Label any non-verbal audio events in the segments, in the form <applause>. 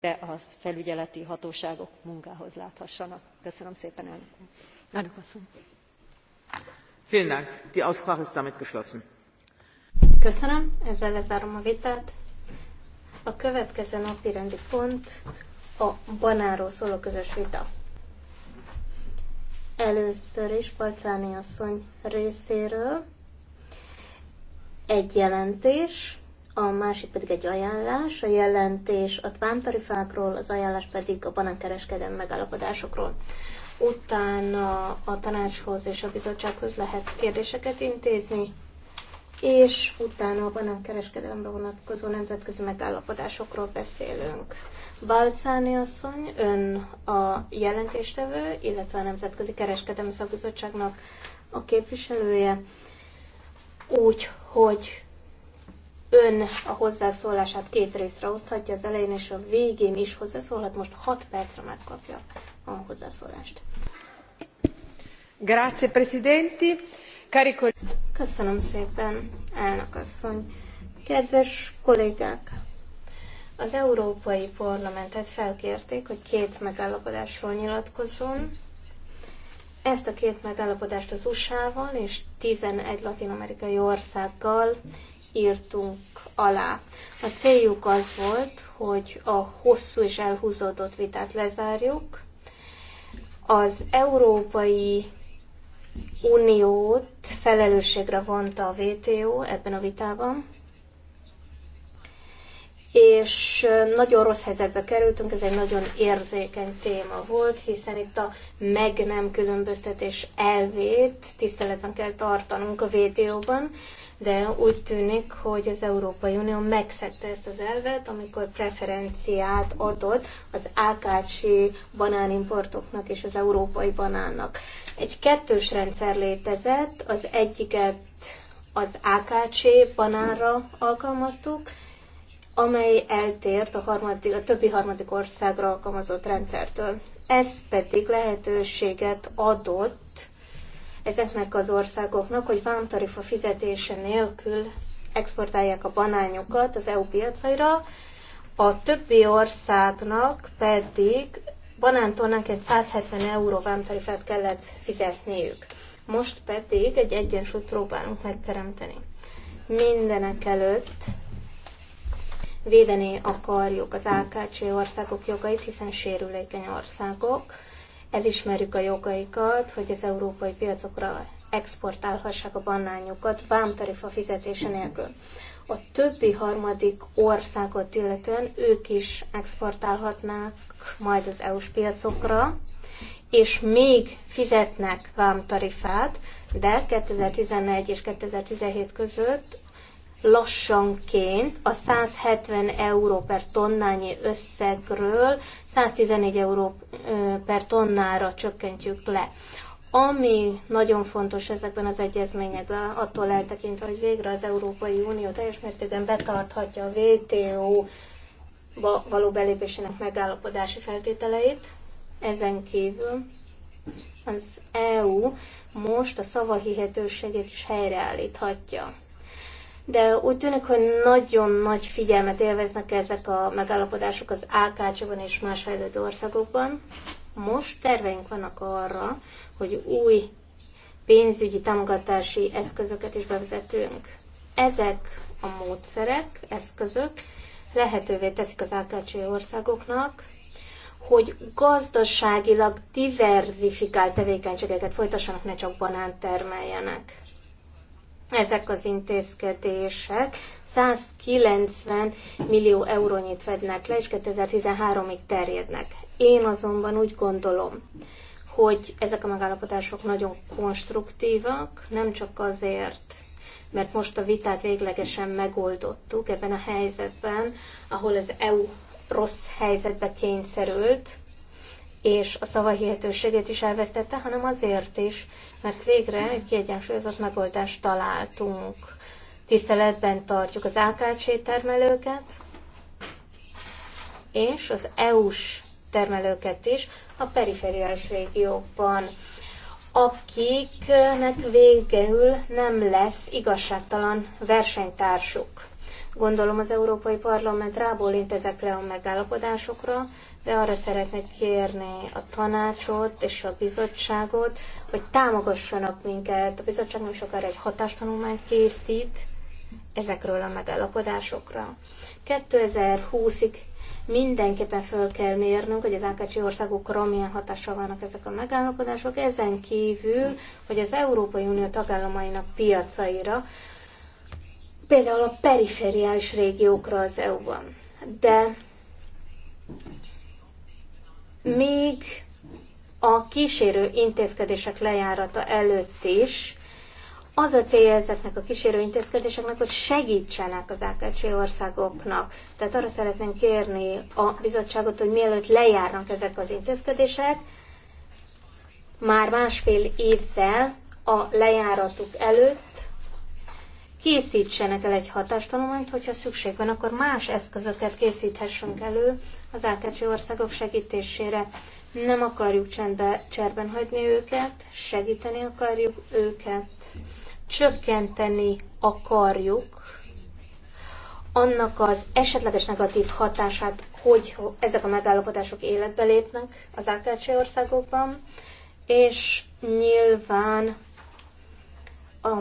de a felügyeleti hatóságok munkához láthassanak. köszönöm szépen elnök úr! elnök asszony! köszönöm ezzel lezárom a vitát. a következő napirendi pont a banáról szóló közös vita. Először is Balcáni asszony részéről egy jelentés, a másik pedig egy ajánlás, a jelentés a vámtarifákról, az ajánlás pedig a banánkereskedelmi megállapodásokról. Utána a tanácshoz és a bizottsághoz lehet kérdéseket intézni, és utána a banánkereskedelemre vonatkozó nemzetközi megállapodásokról beszélünk. Balcáni asszony, ön a jelentéstevő, illetve a Nemzetközi Kereskedelmi Szakbizottságnak a képviselője, úgy, hogy ön a hozzászólását két részre oszthatja, az elején és a végén is hozzászólhat, most 6 percre megkapja a hozzászólást. Grazie, Presidenti. Carico... Köszönöm szépen, elnök asszony. Kedves kollégák, az Európai Parlamentet felkérték, hogy két megállapodásról nyilatkozzon. Ezt a két megállapodást az USA-val és 11 latin-amerikai országgal írtunk alá. A céljuk az volt, hogy a hosszú és elhúzódott vitát lezárjuk, az Európai Uniót felelősségre vonta a WTO ebben a vitában, és nagyon rossz helyzetbe kerültünk, ez egy nagyon érzékeny téma volt, hiszen itt a meg nem különböztetés elvét tiszteletben kell tartanunk a VTO-ban, de úgy tűnik, hogy az Európai Unió megszegte ezt az elvet, amikor preferenciát adott az ákácsi banánimportoknak és az európai banánnak. Egy kettős rendszer létezett, az egyiket az AKC banánra alkalmaztuk, amely eltért a, harmadik, a többi harmadik országra alkalmazott rendszertől. Ez pedig lehetőséget adott ezeknek az országoknak, hogy vámtarifa fizetése nélkül exportálják a banányokat az EU piacaira, a többi országnak pedig banántonnánként 170 euró vámtarifát kellett fizetniük. Most pedig egy egyensúlyt próbálunk megteremteni. Mindenek előtt védeni akarjuk az AKC országok jogait, hiszen sérülékeny országok, elismerjük a jogaikat, hogy az európai piacokra exportálhassák a banánjukat vámtarifa fizetése nélkül. A többi harmadik országot illetően ők is exportálhatnák majd az EU-s piacokra, és még fizetnek vámtarifát, de 2011 és 2017 között lassanként a 170 euró per tonnányi összegről 114 euró per tonnára csökkentjük le. Ami nagyon fontos ezekben az egyezményekben, attól eltekintve, hogy végre az Európai Unió teljes mértékben betarthatja a WTO -ba való belépésének megállapodási feltételeit, ezen kívül az EU most a szavahihetőségét is helyreállíthatja de úgy tűnik, hogy nagyon nagy figyelmet élveznek ezek a megállapodások az Ákácsokban és más fejlődő országokban. Most terveink vannak arra, hogy új pénzügyi támogatási eszközöket is bevezetünk. Ezek a módszerek, eszközök lehetővé teszik az Ákácsai országoknak, hogy gazdaságilag diverzifikált tevékenységeket folytassanak, ne csak banánt termeljenek ezek az intézkedések 190 millió eurónyit fednek le, és 2013-ig terjednek. Én azonban úgy gondolom, hogy ezek a megállapodások nagyon konstruktívak, nem csak azért, mert most a vitát véglegesen megoldottuk ebben a helyzetben, ahol az EU rossz helyzetbe kényszerült, és a szavahihetőségét is elvesztette, hanem azért is, mert végre egy kiegyensúlyozott megoldást találtunk. Tiszteletben tartjuk az AKC termelőket, és az EU-s termelőket is a perifériás régiókban, akiknek végül nem lesz igazságtalan versenytársuk. Gondolom az Európai Parlament rábólint ezekre a megállapodásokra, de arra szeretnék kérni a tanácsot és a bizottságot, hogy támogassanak minket. A bizottság nem sokára egy hatástanulmányt készít ezekről a megállapodásokra. 2020-ig mindenképpen föl kell mérnünk, hogy az Ákácsi országokra milyen hatással vannak ezek a megállapodások, ezen kívül, hogy az Európai Unió tagállamainak piacaira, például a perifériális régiókra az EU-ban. De még a kísérő intézkedések lejárata előtt is az a célja ezeknek a kísérő intézkedéseknek, hogy segítsenek az AKC országoknak. Tehát arra szeretném kérni a bizottságot, hogy mielőtt lejárnak ezek az intézkedések, már másfél évvel a lejáratuk előtt készítsenek el egy hatástanulmányt, hogyha szükség van, akkor más eszközöket készíthessünk elő az AKC országok segítésére. Nem akarjuk csendbe, cserben hagyni őket, segíteni akarjuk őket, csökkenteni akarjuk annak az esetleges negatív hatását, hogy ezek a megállapodások életbe lépnek az AKC országokban, és nyilván a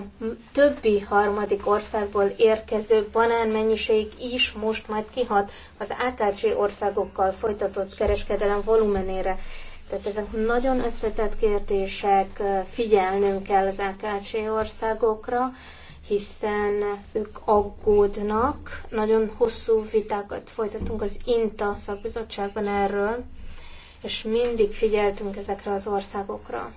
többi harmadik országból érkező banán mennyiség is most majd kihat az AKG országokkal folytatott kereskedelem volumenére. Tehát ezek nagyon összetett kérdések, figyelnünk kell az AKC országokra, hiszen ők aggódnak. Nagyon hosszú vitákat folytatunk az INTA szakbizottságban erről, és mindig figyeltünk ezekre az országokra.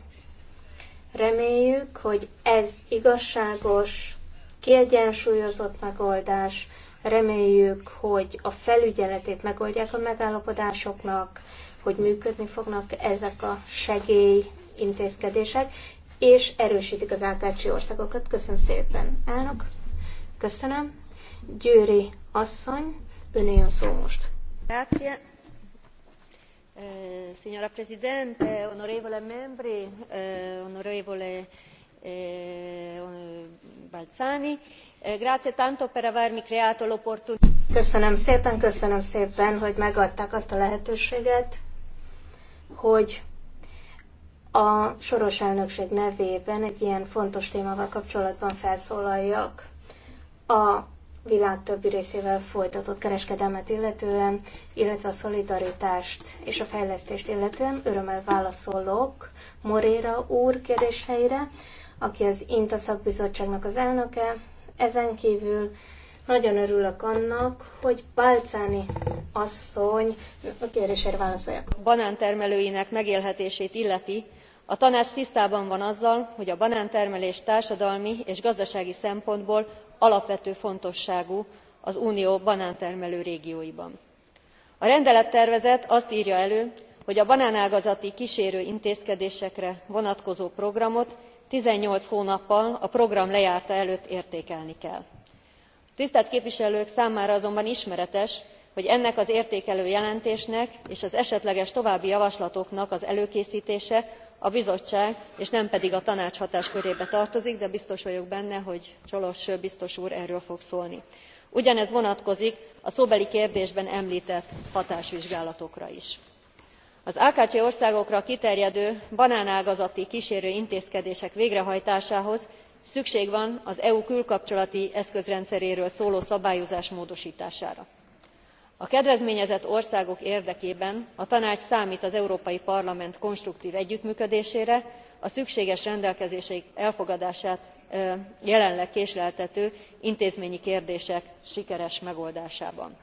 Reméljük, hogy ez igazságos, kiegyensúlyozott megoldás, reméljük, hogy a felügyeletét megoldják a megállapodásoknak, hogy működni fognak ezek a segélyintézkedések, és erősítik az Ákácsi országokat. Köszönöm szépen, elnök. Köszönöm. Győri asszony, öné a szó most. Grazie. Eh, signora Presidente, onorevoli membri, eh, onorevole eh, Balzani, grazie tanto per avermi creato l'opportunità. Köszönöm szépen, köszönöm szépen, hogy megadták azt a lehetőséget, hogy a soros elnökség nevében egy ilyen fontos témával kapcsolatban felszólaljak. A világ többi részével folytatott kereskedelmet illetően, illetve a szolidaritást és a fejlesztést illetően. Örömmel válaszolok Moréra úr kérdéseire, aki az INTA szakbizottságnak az elnöke. Ezen kívül nagyon örülök annak, hogy Balcáni asszony a kérdésére válaszolja. Banántermelőinek megélhetését illeti, a tanács tisztában van azzal hogy a banántermelés társadalmi és gazdasági szempontból alapvető fontosságú az unió banántermelő régióiban. a rendelettervezet azt rja elő hogy a banánágazati ksérő intézkedésekre vonatkozó programot eighteen hónappal a program lejárta előtt értékelni kell. a tisztelt képviselők számára azonban ismeretes hogy ennek az értékelő jelentésnek és az esetleges további javaslatoknak az előkésztése a bizottság és nem pedig a tanács hatáskörébe tartozik de biztos vagyok benne hogy ciolo biztos úr erről fog szólni. ugyanez vonatkozik a szóbeli kérdésben emltett hatásvizsgálatokra is. az akcs országokra kiterjedő banánágazati ksérő intézkedések végrehajtásához szükség van az eu külkapcsolati eszközrendszeréről szóló szabályozás módostására a kedvezményezett országok érdekében a tanács számt az európai parlament konstruktv együttműködésére a szükséges rendelkezések elfogadását jelenleg késleltető intézményi kérdések sikeres megoldásában.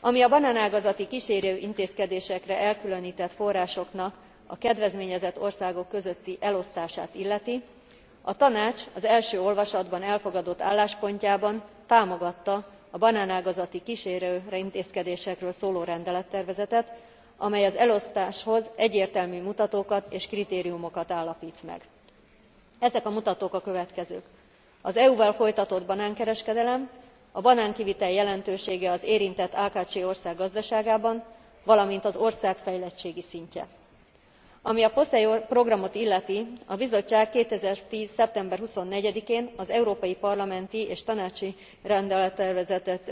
ami a banánágazati ksérő intézkedésekre elkülöntett forrásoknak a kedvezményezett országok közötti elosztását illeti a tanács az első olvasatban elfogadott álláspontjában támogatta a banánágazati ksérőintézkedésekről szóló rendelettervezetet amely az elosztáshoz egyértelmű mutatókat és kritériumokat állapt meg. ezek a mutatók a következők az eu val folytatott banánkereskedelem a banánkivitel jelentősége az érintett akcs ország gazdaságában valamint az ország fejlettségi szintje ami a posei programot illeti a bizottság two thousand and ten szeptember twenty four én az európai parlamenti és tanácsi rendelettervezetet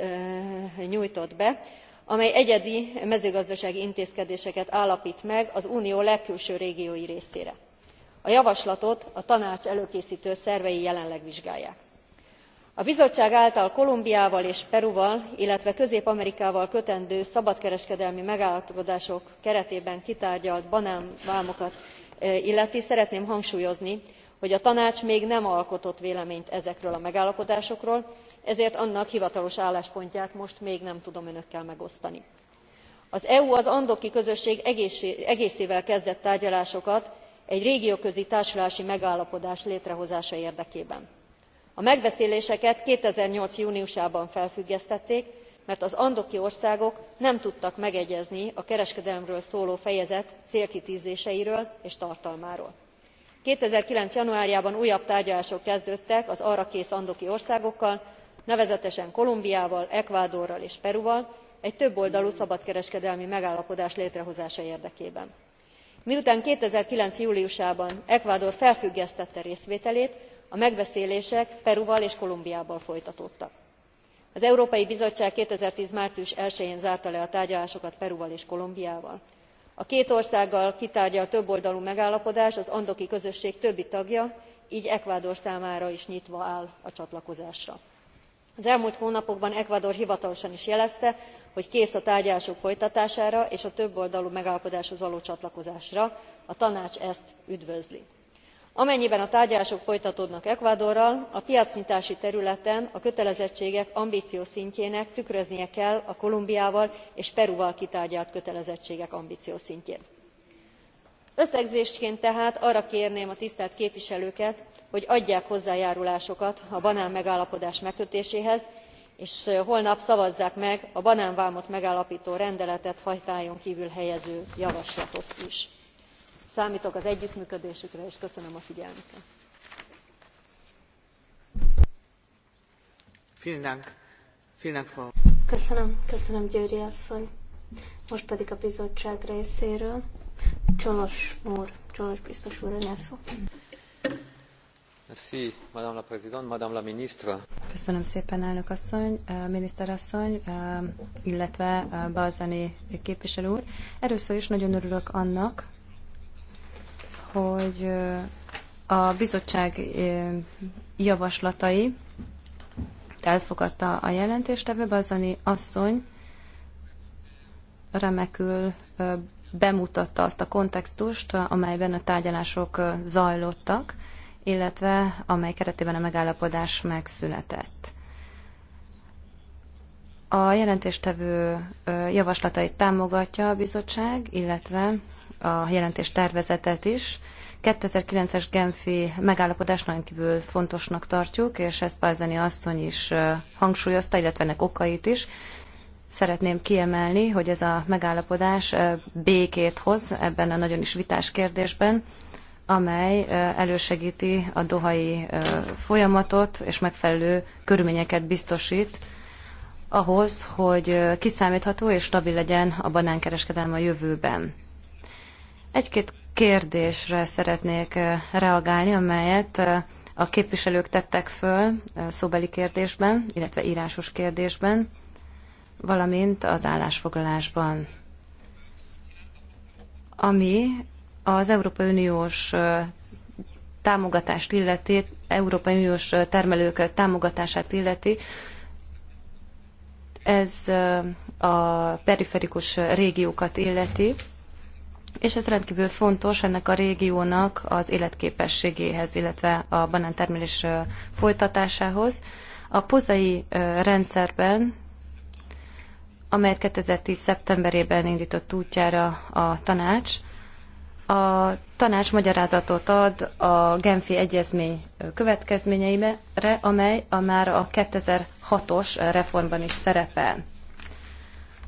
nyújtott be amely egyedi mezőgazdasági intézkedéseket állapt meg az unió legkülső régiói részére. a javaslatot a tanács előkésztő szervei jelenleg vizsgálják a bizottság által kolumbiával és peruval illetve közép amerikával kötendő szabadkereskedelmi megállapodások keretében kitárgyalt banánvámokat e, illeti szeretném hangsúlyozni hogy a tanács még nem alkotott véleményt ezekről a megállapodásokról ezért annak hivatalos álláspontját most még nem tudom önökkel megosztani. az eu az andoki közösség egészével kezdett tárgyalásokat egy régióközi társulási megállapodás létrehozása érdekében a megbeszéléseket two thousand and eight júniusában felfüggesztették mert az andoki országok nem tudtak megegyezni a kereskedelemről szóló fejezet célkitűzéseiről és tartalmáról. two thousand and nine januárjában újabb tárgyalások kezdődtek az arra kész andoki országokkal nevezetesen kolumbiával ecuadorral és peruval egy többoldalú szabadkereskedelmi megállapodás létrehozása érdekében. miután two thousand and nine júliusában ecuador felfüggesztette részvételét a megbeszélések peruval és kolumbiával folytatódtak. az európai bizottság two thousand and ten március one jén zárta le a tárgyalásokat peruval és kolumbiával. a két országgal kitárgyalt többoldalú megállapodás az andoki közösség többi tagja gy ecuador számára is nyitva áll a csatlakozásra. az elmúlt hónapokban ecuador hivatalosan is jelezte hogy kész a tárgyalások folytatására és a többoldalú megállapodáshoz való csatlakozásra a tanács ezt üdvözli amennyiben a tárgyalások folytatódnak ecuadorral a piacnyitási területen a kötelezettségek ambciószintjének tükröznie kell a kolumbiával és peruval kitárgyalt kötelezettségek ambciószintjét. összegzésként tehát arra kérném a tisztelt képviselőket hogy adják hozzájárulásukat a banánmegállapodás megkötéséhez és holnap szavazzák meg a banánvámot megállaptó rendeletet hatályon kvül helyező javaslatot is számtok az együttműködésükre és köszönöm a figyelmüket. Köszönöm, köszönöm Győri asszony. Most pedig a bizottság részéről. Csolos úr, Csolos biztos úr, ön szó. Merci, Madame la Présidente, Madame la Ministre. Köszönöm szépen, elnök asszony, eh, miniszter asszony, eh, illetve eh, Balzani képviselő úr. Először is nagyon örülök annak, hogy a bizottság javaslatai elfogadta a jelentéstevő Bazani asszony remekül bemutatta azt a kontextust, amelyben a tárgyalások zajlottak, illetve amely keretében a megállapodás megszületett. A jelentéstevő javaslatait támogatja a bizottság, illetve a jelentés tervezetet is. 2009-es Genfi nagyon kívül fontosnak tartjuk, és ezt Pajzani asszony is hangsúlyozta, illetve ennek okait is. Szeretném kiemelni, hogy ez a megállapodás békét hoz ebben a nagyon is vitás kérdésben, amely elősegíti a dohai folyamatot, és megfelelő körülményeket biztosít ahhoz, hogy kiszámítható és stabil legyen a banánkereskedelme a jövőben. Egy-két kérdésre szeretnék reagálni, amelyet a képviselők tettek föl szóbeli kérdésben, illetve írásos kérdésben, valamint az állásfoglalásban. Ami az Európai Uniós támogatást illeti, Európai Uniós termelők támogatását illeti, ez a periferikus régiókat illeti és ez rendkívül fontos ennek a régiónak az életképességéhez, illetve a banántermelés folytatásához. A pozai rendszerben, amelyet 2010. szeptemberében indított útjára a tanács, a tanács magyarázatot ad a Genfi Egyezmény következményeire, amely a már a 2006-os reformban is szerepel.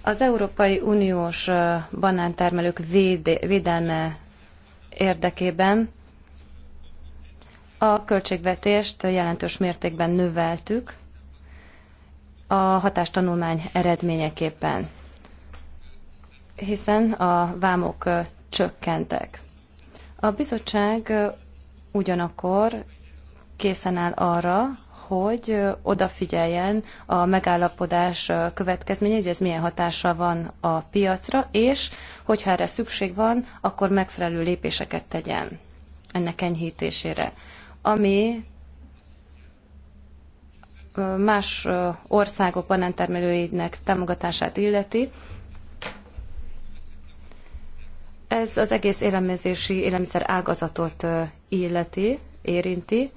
Az Európai Uniós banántermelők védelme érdekében a költségvetést jelentős mértékben növeltük a hatástanulmány eredményeképpen, hiszen a vámok csökkentek. A bizottság ugyanakkor készen áll arra, hogy odafigyeljen a megállapodás következménye, hogy ez milyen hatása van a piacra, és hogyha erre szükség van, akkor megfelelő lépéseket tegyen ennek enyhítésére. Ami más országok banántermelőinek támogatását illeti, ez az egész élelmezési élelmiszer ágazatot illeti, érinti,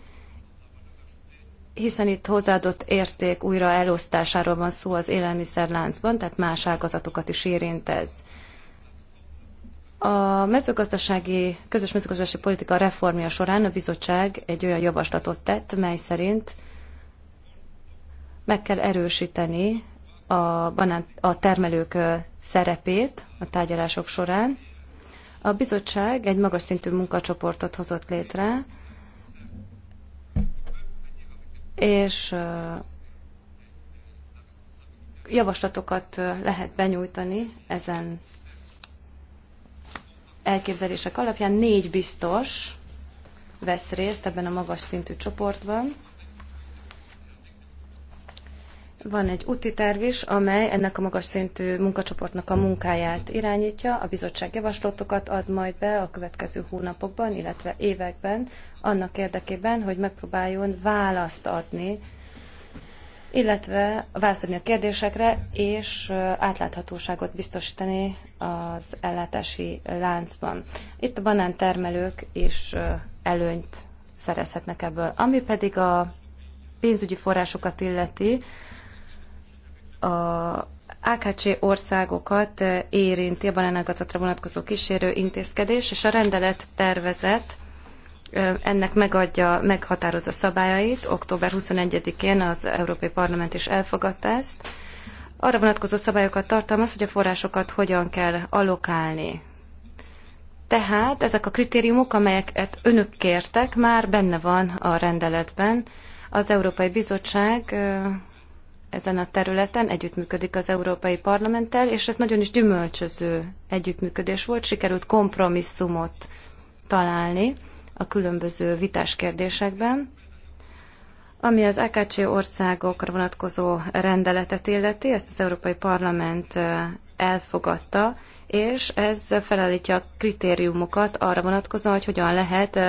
hiszen itt hozzáadott érték újra elosztásáról van szó az élelmiszerláncban, tehát más ágazatokat is érint ez. A mezőgazdasági, közös mezőgazdasági politika reformja során a bizottság egy olyan javaslatot tett, mely szerint meg kell erősíteni a, banán, a termelők szerepét a tárgyalások során. A bizottság egy magas szintű munkacsoportot hozott létre, és javaslatokat lehet benyújtani ezen elképzelések alapján. Négy biztos vesz részt ebben a magas szintű csoportban. Van egy úti terv is, amely ennek a magas szintű munkacsoportnak a munkáját irányítja, a bizottság javaslatokat ad majd be a következő hónapokban, illetve években, annak érdekében, hogy megpróbáljon választ adni, illetve választ adni a kérdésekre, és átláthatóságot biztosítani az ellátási láncban. Itt a banántermelők is előnyt szerezhetnek ebből. Ami pedig a pénzügyi forrásokat illeti, a AKC országokat eh, érinti a balenágazatra vonatkozó kísérő intézkedés, és a rendelet tervezet eh, ennek megadja, meghatározza szabályait. Október 21-én az Európai Parlament is elfogadta ezt. Arra vonatkozó szabályokat tartalmaz, hogy a forrásokat hogyan kell allokálni. Tehát ezek a kritériumok, amelyeket önök kértek, már benne van a rendeletben. Az Európai Bizottság eh, ezen a területen, együttműködik az Európai Parlamenttel, és ez nagyon is gyümölcsöző együttműködés volt, sikerült kompromisszumot találni a különböző vitás kérdésekben. Ami az AKC országokra vonatkozó rendeletet illeti, ezt az Európai Parlament elfogadta, és ez felállítja a kritériumokat arra vonatkozóan, hogy hogyan lehet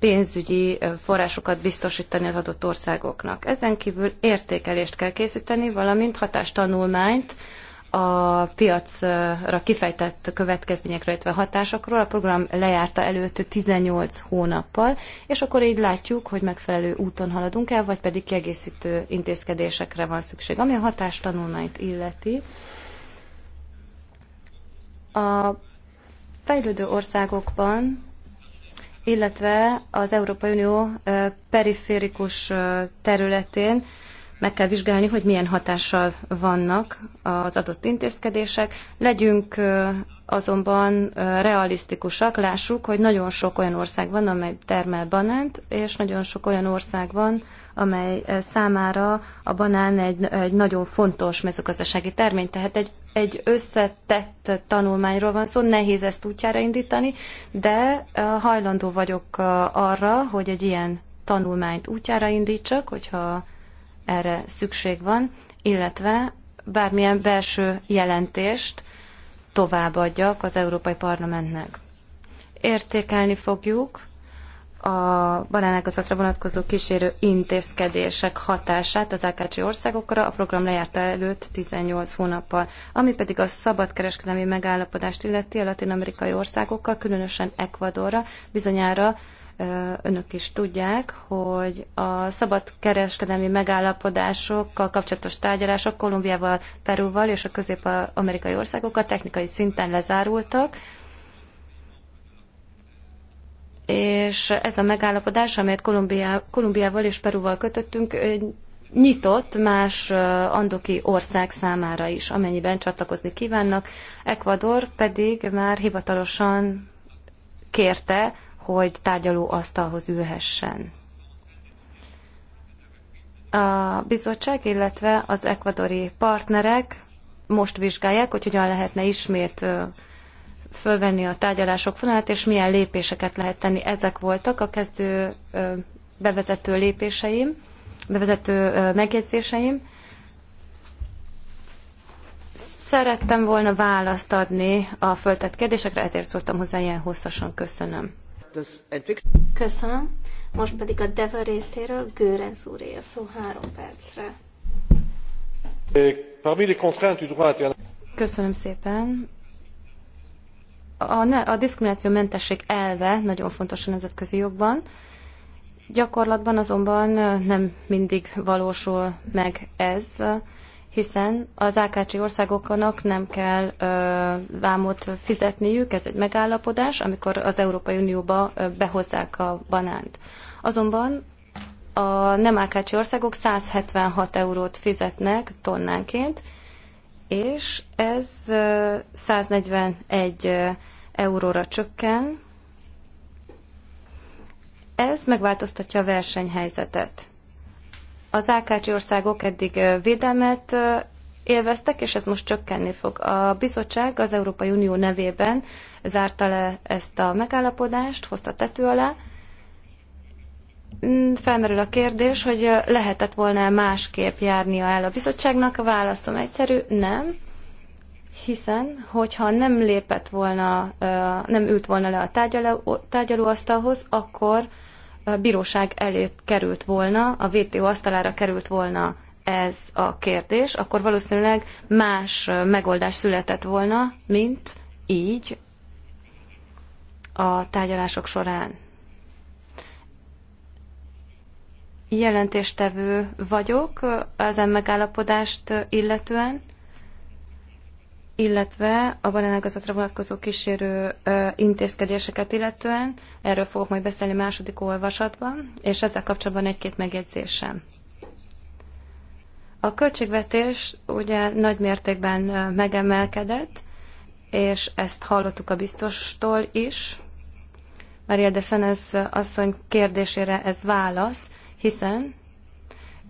pénzügyi forrásokat biztosítani az adott országoknak. Ezen kívül értékelést kell készíteni, valamint hatástanulmányt a piacra kifejtett következményekről, illetve hatásokról. A program lejárta előtt 18 hónappal, és akkor így látjuk, hogy megfelelő úton haladunk el, vagy pedig kiegészítő intézkedésekre van szükség. Ami a hatástanulmányt illeti, a fejlődő országokban illetve az Európai Unió periférikus területén meg kell vizsgálni, hogy milyen hatással vannak az adott intézkedések. Legyünk azonban realisztikusak, lássuk, hogy nagyon sok olyan ország van, amely termel banánt, és nagyon sok olyan ország van, amely eh, számára a banán egy, egy nagyon fontos mezőgazdasági termény, tehát egy, egy összetett tanulmányról van szó, nehéz ezt útjára indítani, de eh, hajlandó vagyok eh, arra, hogy egy ilyen tanulmányt útjára indítsak, hogyha erre szükség van, illetve bármilyen belső jelentést továbbadjak az Európai Parlamentnek. Értékelni fogjuk a banánágazatra vonatkozó kísérő intézkedések hatását az AKC országokra a program lejárta előtt 18 hónappal, ami pedig a szabadkereskedelmi megállapodást illeti a latin-amerikai országokkal, különösen Ecuadorra. Bizonyára önök is tudják, hogy a szabadkereskedelmi megállapodásokkal kapcsolatos tárgyalások Kolumbiával, Perúval és a közép-amerikai országokkal technikai szinten lezárultak, és ez a megállapodás, amelyet Kolumbiá, Kolumbiával és Peruval kötöttünk, nyitott más andoki ország számára is, amennyiben csatlakozni kívánnak. Ecuador pedig már hivatalosan kérte, hogy tárgyaló asztalhoz ülhessen. A bizottság, illetve az ekvadori partnerek most vizsgálják, hogy hogyan lehetne ismét fölvenni a tárgyalások fonalát, és milyen lépéseket lehet tenni. Ezek voltak a kezdő bevezető lépéseim, bevezető megjegyzéseim. Szerettem volna választ adni a föltett kérdésekre, ezért szóltam hozzá ilyen hosszasan. Köszönöm. Köszönöm. Most pedig a DEVA részéről Gőrenz úré a szó három percre. Köszönöm szépen a, ne, a diszkriminációmentesség elve nagyon fontos a nemzetközi jogban, gyakorlatban azonban nem mindig valósul meg ez, hiszen az AKC országoknak nem kell ö, vámot fizetniük, ez egy megállapodás, amikor az Európai Unióba behozzák a banánt. Azonban a nem AKC országok 176 eurót fizetnek tonnánként, és ez 141 euróra csökken. Ez megváltoztatja a versenyhelyzetet. Az AKC országok eddig védelmet élveztek, és ez most csökkenni fog. A bizottság az Európai Unió nevében zárta le ezt a megállapodást, hozta tető alá, Mm, felmerül a kérdés, hogy lehetett volna másképp járnia el a bizottságnak. A válaszom egyszerű, nem. Hiszen, hogyha nem lépett volna, nem ült volna le a tárgyalóasztalhoz, akkor a bíróság elé került volna, a WTO asztalára került volna ez a kérdés, akkor valószínűleg más megoldás született volna, mint így a tárgyalások során. jelentéstevő vagyok ezen megállapodást illetően, illetve a banánágazatra vonatkozó kísérő intézkedéseket illetően. Erről fogok majd beszélni második olvasatban, és ezzel kapcsolatban egy-két megjegyzésem. A költségvetés ugye nagy mértékben megemelkedett, és ezt hallottuk a biztostól is. Maria de Szenez asszony kérdésére ez válasz, hiszen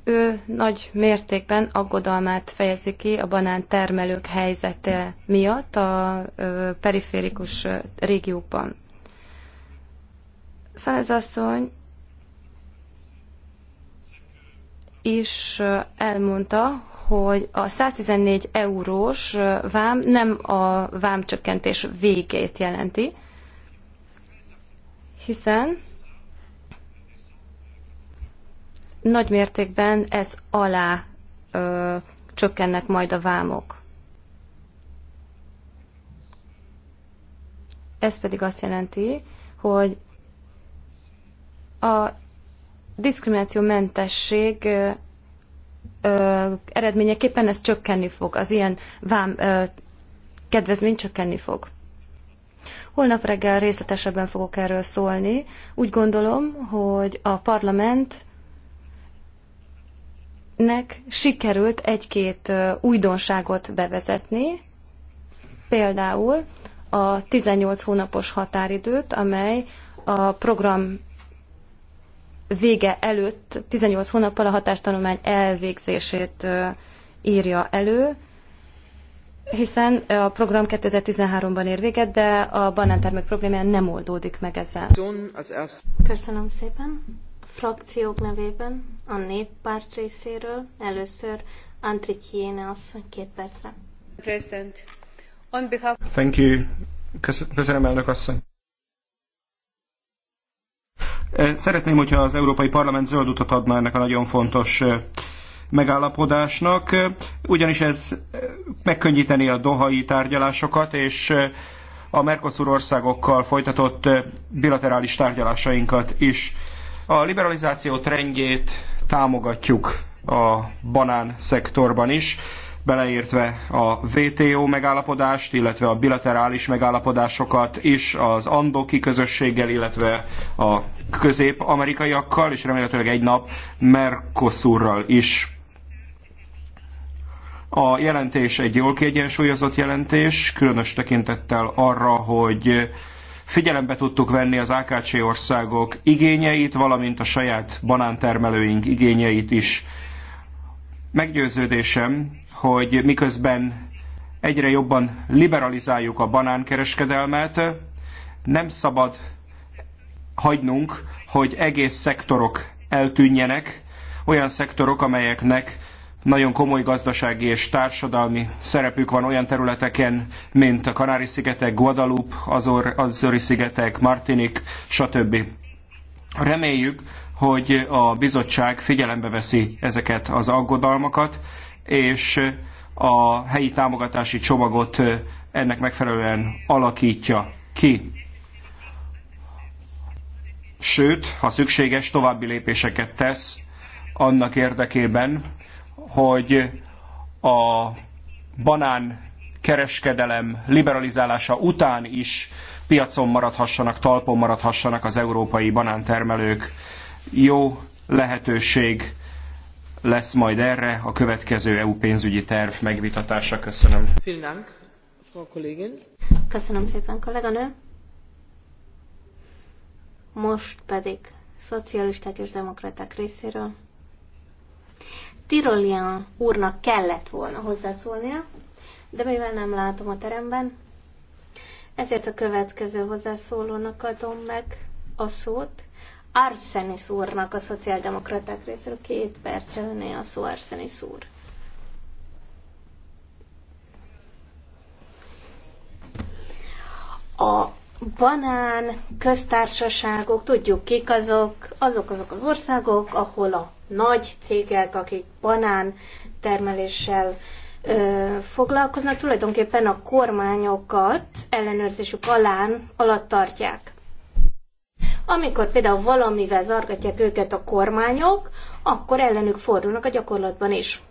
ő nagy mértékben aggodalmát fejezi ki a banán termelők helyzete miatt a periférikus régiókban. Szanez asszony is elmondta, hogy a 114 eurós vám nem a vámcsökkentés végét jelenti, hiszen nagy mértékben ez alá ö, csökkennek majd a vámok. Ez pedig azt jelenti, hogy a diszkriminációmentesség ö, ö, eredményeképpen ez csökkenni fog, az ilyen vám ö, kedvezmény csökkenni fog. Holnap reggel részletesebben fogok erről szólni. Úgy gondolom, hogy a parlament nek sikerült egy-két újdonságot bevezetni, például a 18 hónapos határidőt, amely a program vége előtt 18 hónappal a hatástanulmány elvégzését írja elő, hiszen a program 2013-ban ér véget, de a banántermek problémája nem oldódik meg ezzel. Köszönöm szépen frakciók nevében, a néppárt részéről, először Antrik Jéne asszony két percre. President. On behalf... Thank you. Köszönöm, elnök asszony. Szeretném, hogyha az Európai Parlament zöld utat adna ennek a nagyon fontos megállapodásnak, ugyanis ez megkönnyíteni a dohai tárgyalásokat, és a Mercosur országokkal folytatott bilaterális tárgyalásainkat is. A liberalizáció trendjét támogatjuk a banán szektorban is, beleértve a WTO megállapodást, illetve a bilaterális megállapodásokat is az andoki közösséggel, illetve a közép-amerikaiakkal, és remélhetőleg egy nap Mercosurral is a jelentés egy jól kiegyensúlyozott jelentés, különös tekintettel arra, hogy Figyelembe tudtuk venni az AKC országok igényeit, valamint a saját banántermelőink igényeit is. Meggyőződésem, hogy miközben egyre jobban liberalizáljuk a banánkereskedelmet, nem szabad hagynunk, hogy egész szektorok eltűnjenek, olyan szektorok, amelyeknek nagyon komoly gazdasági és társadalmi szerepük van olyan területeken, mint a Kanári-szigetek, Guadalupe, Azor, Azori-szigetek, Martinik, stb. Reméljük, hogy a bizottság figyelembe veszi ezeket az aggodalmakat, és a helyi támogatási csomagot ennek megfelelően alakítja ki. Sőt, ha szükséges, további lépéseket tesz annak érdekében, hogy a banán kereskedelem liberalizálása után is piacon maradhassanak, talpon maradhassanak az európai banántermelők. Jó lehetőség lesz majd erre a következő EU pénzügyi terv megvitatása. Köszönöm. Köszönöm szépen, kolléganő. Most pedig szocialisták és demokraták részéről Tirolian úrnak kellett volna hozzászólnia, de mivel nem látom a teremben, ezért a következő hozzászólónak adom meg a szót. Arsenis úrnak a szociáldemokraták részéről két percre önné a szó Arsenis úr. A banán köztársaságok, tudjuk kik azok, azok azok az országok, ahol a nagy cégek, akik banán termeléssel ö, foglalkoznak, tulajdonképpen a kormányokat ellenőrzésük alán alatt tartják. Amikor például valamivel zargatják őket a kormányok, akkor ellenük fordulnak a gyakorlatban is.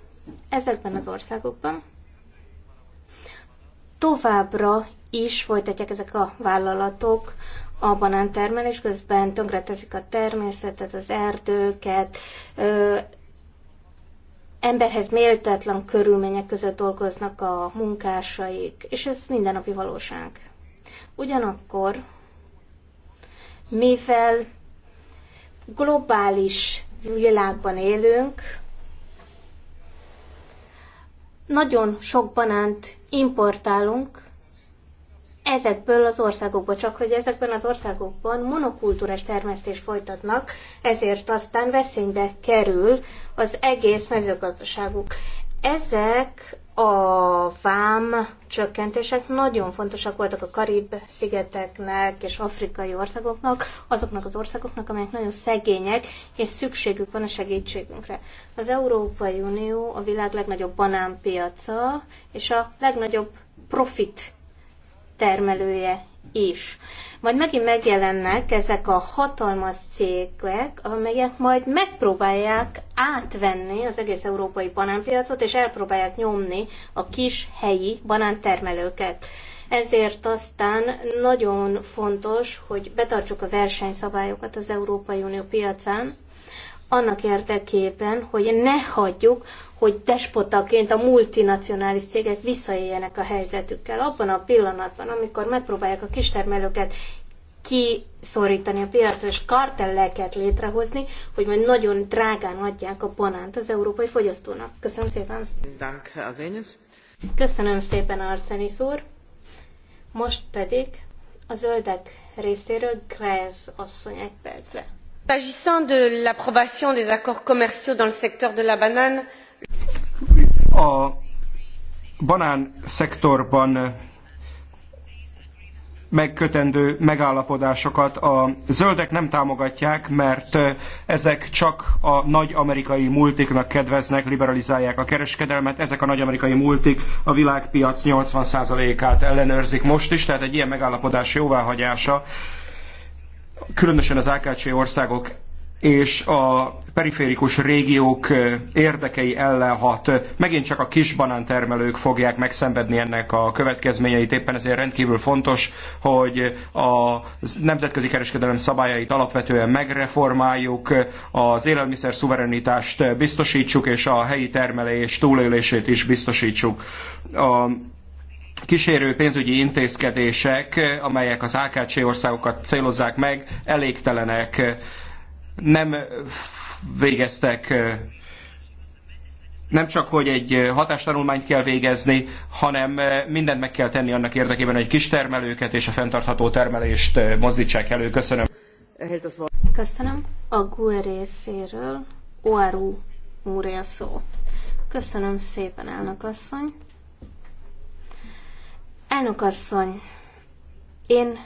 Ezekben az országokban továbbra is folytatják ezek a vállalatok a banántermelés, közben tönkreteszik a természetet, az erdőket, ö, emberhez méltatlan körülmények között dolgoznak a munkásaik, és ez mindennapi valóság. Ugyanakkor, mivel globális világban élünk, nagyon sok banánt importálunk, ezekből az országokból, csak hogy ezekben az országokban monokultúrás termesztés folytatnak, ezért aztán veszélybe kerül az egész mezőgazdaságuk. Ezek a vám csökkentések nagyon fontosak voltak a Karib-szigeteknek és afrikai országoknak, azoknak az országoknak, amelyek nagyon szegények, és szükségük van a segítségünkre. Az Európai Unió a világ legnagyobb banánpiaca, és a legnagyobb profit termelője is. Majd megint megjelennek ezek a hatalmas cégek, amelyek majd megpróbálják átvenni az egész európai banánpiacot, és elpróbálják nyomni a kis helyi banántermelőket. Ezért aztán nagyon fontos, hogy betartsuk a versenyszabályokat az Európai Unió piacán, annak érdekében, hogy ne hagyjuk, hogy despotaként a multinacionális cégek visszaéljenek a helyzetükkel abban a pillanatban, amikor megpróbálják a kistermelőket kiszorítani a piacra, és kartelleket létrehozni, hogy majd nagyon drágán adják a banánt az európai fogyasztónak. Köszönöm szépen! Dank, Arsenis. Köszönöm szépen, Arsenis úr! Most pedig a zöldek részéről Grez asszony egy percre. S'agissant de l'approbation des accords commerciaux dans le secteur de la banane, a banán szektorban megkötendő megállapodásokat a zöldek nem támogatják, mert ezek csak a nagy amerikai multiknak kedveznek, liberalizálják a kereskedelmet. Ezek a nagy amerikai multik a világpiac 80%-át ellenőrzik most is, tehát egy ilyen megállapodás jóváhagyása különösen az AKC országok és a periférikus régiók érdekei ellen hat. Megint csak a kis banántermelők fogják megszenvedni ennek a következményeit, éppen ezért rendkívül fontos, hogy a nemzetközi kereskedelem szabályait alapvetően megreformáljuk, az élelmiszer szuverenitást biztosítsuk, és a helyi termelés túlélését is biztosítsuk. A kísérő pénzügyi intézkedések, amelyek az AKC országokat célozzák meg, elégtelenek, nem végeztek nem csak, hogy egy hatástanulmányt kell végezni, hanem mindent meg kell tenni annak érdekében, hogy kistermelőket és a fenntartható termelést mozdítsák elő. Köszönöm. Köszönöm. A GUE részéről Oaru úr szó. Köszönöm szépen, elnök asszony. Elnök asszony, én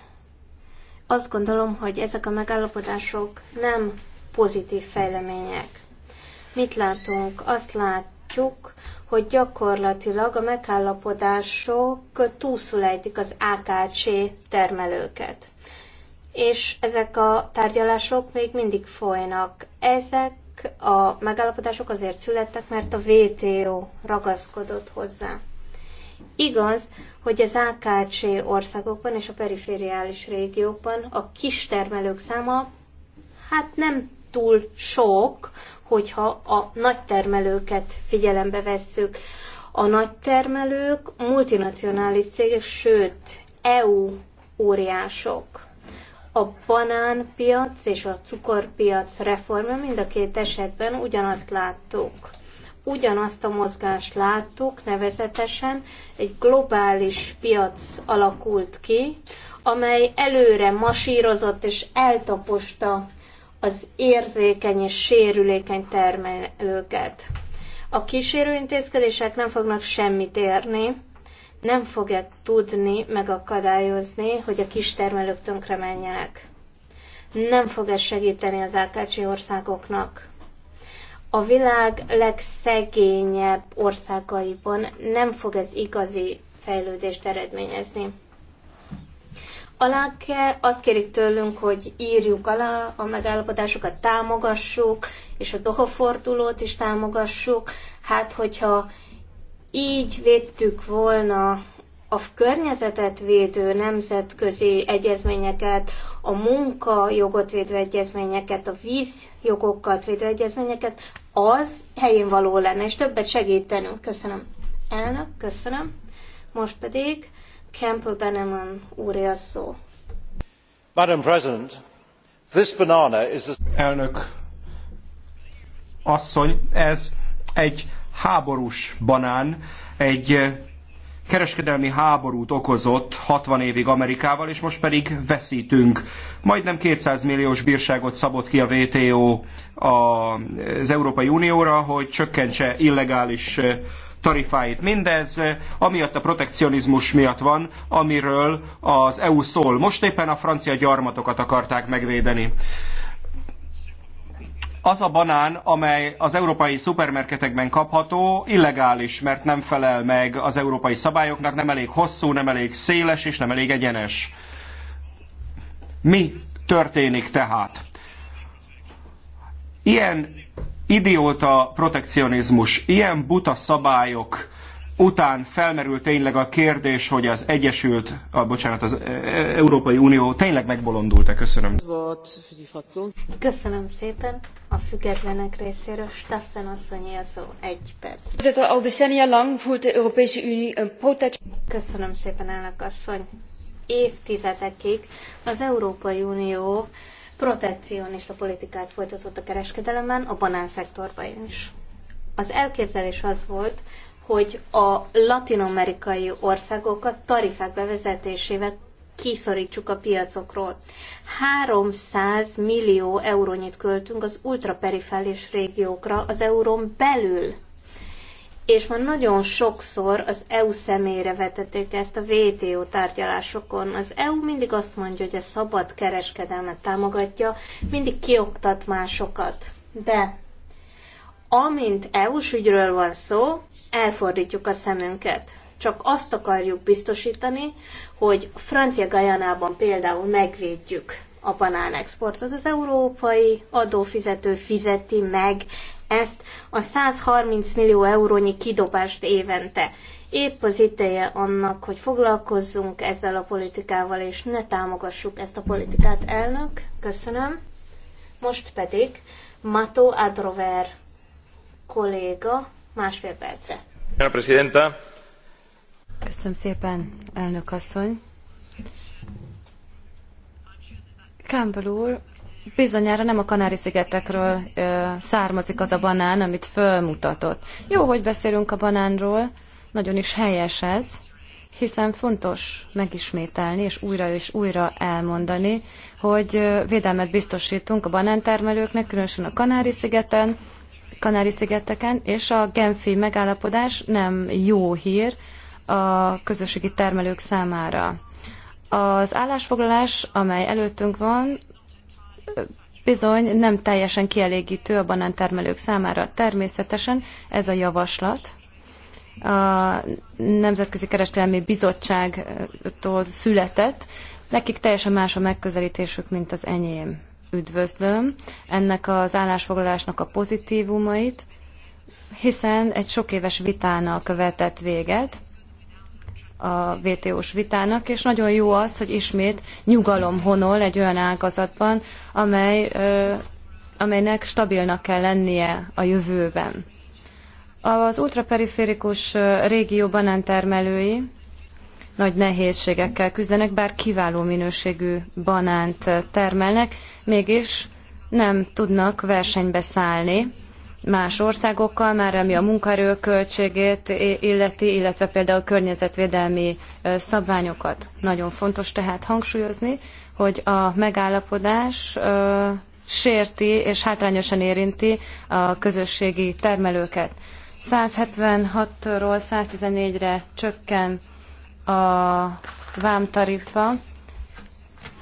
azt gondolom, hogy ezek a megállapodások nem pozitív fejlemények. Mit látunk? Azt látjuk, hogy gyakorlatilag a megállapodások túlszulejtik az AKC termelőket. És ezek a tárgyalások még mindig folynak. Ezek a megállapodások azért születtek, mert a WTO ragaszkodott hozzá. Igaz, hogy az AKC országokban és a perifériális régiókban a kis termelők száma hát nem túl sok, hogyha a nagy termelőket figyelembe vesszük. A nagy termelők multinacionális cégek, sőt, EU óriások. A banánpiac és a cukorpiac reformja mind a két esetben ugyanazt láttuk ugyanazt a mozgást láttuk, nevezetesen egy globális piac alakult ki, amely előre masírozott és eltaposta az érzékeny és sérülékeny termelőket. A kísérőintézkedések nem fognak semmit érni, nem fogják tudni megakadályozni, hogy a kistermelők tönkre menjenek. Nem fog ez segíteni az AKC országoknak a világ legszegényebb országaiban nem fog ez igazi fejlődést eredményezni. Alá kell, azt kérik tőlünk, hogy írjuk alá a megállapodásokat, támogassuk, és a Doha is támogassuk. Hát, hogyha így védtük volna a környezetet védő nemzetközi egyezményeket, a munkajogot védő egyezményeket, a vízjogokat védő egyezményeket, az helyén való lenne, és többet segítenünk. Köszönöm. Elnök, köszönöm. Most pedig Campbell Bannerman úrja a szó. Madam President, this banana is a... Elnök asszony, ez egy háborús banán, egy kereskedelmi háborút okozott 60 évig Amerikával, és most pedig veszítünk. Majdnem 200 milliós bírságot szabott ki a WTO az Európai Unióra, hogy csökkentse illegális tarifáit. Mindez amiatt a protekcionizmus miatt van, amiről az EU szól. Most éppen a francia gyarmatokat akarták megvédeni az a banán, amely az európai szupermarketekben kapható, illegális, mert nem felel meg az európai szabályoknak, nem elég hosszú, nem elég széles és nem elég egyenes. Mi történik tehát? Ilyen idióta protekcionizmus, ilyen buta szabályok után felmerül tényleg a kérdés, hogy az Egyesült, a, bocsánat, az e, e, Európai Unió tényleg megbolondult-e? Köszönöm. Köszönöm szépen. A függetlenek részéről Stassen asszonyi a szó. Egy perc. Al decennia lang voert de Europese Unie een protect... Köszönöm szépen, elnök asszony. Évtizedekig az Európai Unió protekcionista politikát folytatott a kereskedelemben, a banánszektorban is. Az elképzelés az volt, hogy a latinamerikai országokat tarifák bevezetésével kiszorítsuk a piacokról. 300 millió eurónyit költünk az ultraperifális régiókra az eurón belül. És már nagyon sokszor az EU személyre vetették ezt a WTO tárgyalásokon. Az EU mindig azt mondja, hogy a szabad kereskedelmet támogatja, mindig kioktat másokat. De amint EU-s ügyről van szó, elfordítjuk a szemünket. Csak azt akarjuk biztosítani, hogy Francia Gajanában például megvédjük a banán exportot. Az európai adófizető fizeti meg ezt a 130 millió eurónyi kidobást évente. Épp az ideje annak, hogy foglalkozzunk ezzel a politikával, és ne támogassuk ezt a politikát, elnök. Köszönöm. Most pedig Mato Adrover kolléga másfél percre. Köszönöm szépen, elnök asszony. Campbell úr, bizonyára nem a Kanári-szigetekről származik az a banán, amit fölmutatott. Jó, hogy beszélünk a banánról, nagyon is helyes ez, hiszen fontos megismételni és újra és újra elmondani, hogy védelmet biztosítunk a banántermelőknek, különösen a Kanári-szigeten, Kanári-szigeteken, és a Genfi megállapodás nem jó hír a közösségi termelők számára. Az állásfoglalás, amely előttünk van, bizony nem teljesen kielégítő a banántermelők számára. Természetesen ez a javaslat a Nemzetközi Kereskedelmi Bizottságtól született, nekik teljesen más a megközelítésük, mint az enyém üdvözlöm ennek az állásfoglalásnak a pozitívumait, hiszen egy sok éves vitának vetett véget, a wto s vitának, és nagyon jó az, hogy ismét nyugalom honol egy olyan ágazatban, amely, amelynek stabilnak kell lennie a jövőben. Az ultraperiférikus régió banántermelői nagy nehézségekkel küzdenek, bár kiváló minőségű banánt eh, termelnek, mégis nem tudnak versenybe szállni más országokkal, már ami a munkaerő költségét illeti, illetve például környezetvédelmi eh, szabványokat. Nagyon fontos tehát hangsúlyozni, hogy a megállapodás eh, sérti és hátrányosan érinti a közösségi termelőket. 176-ról 114-re csökken a vámtarifa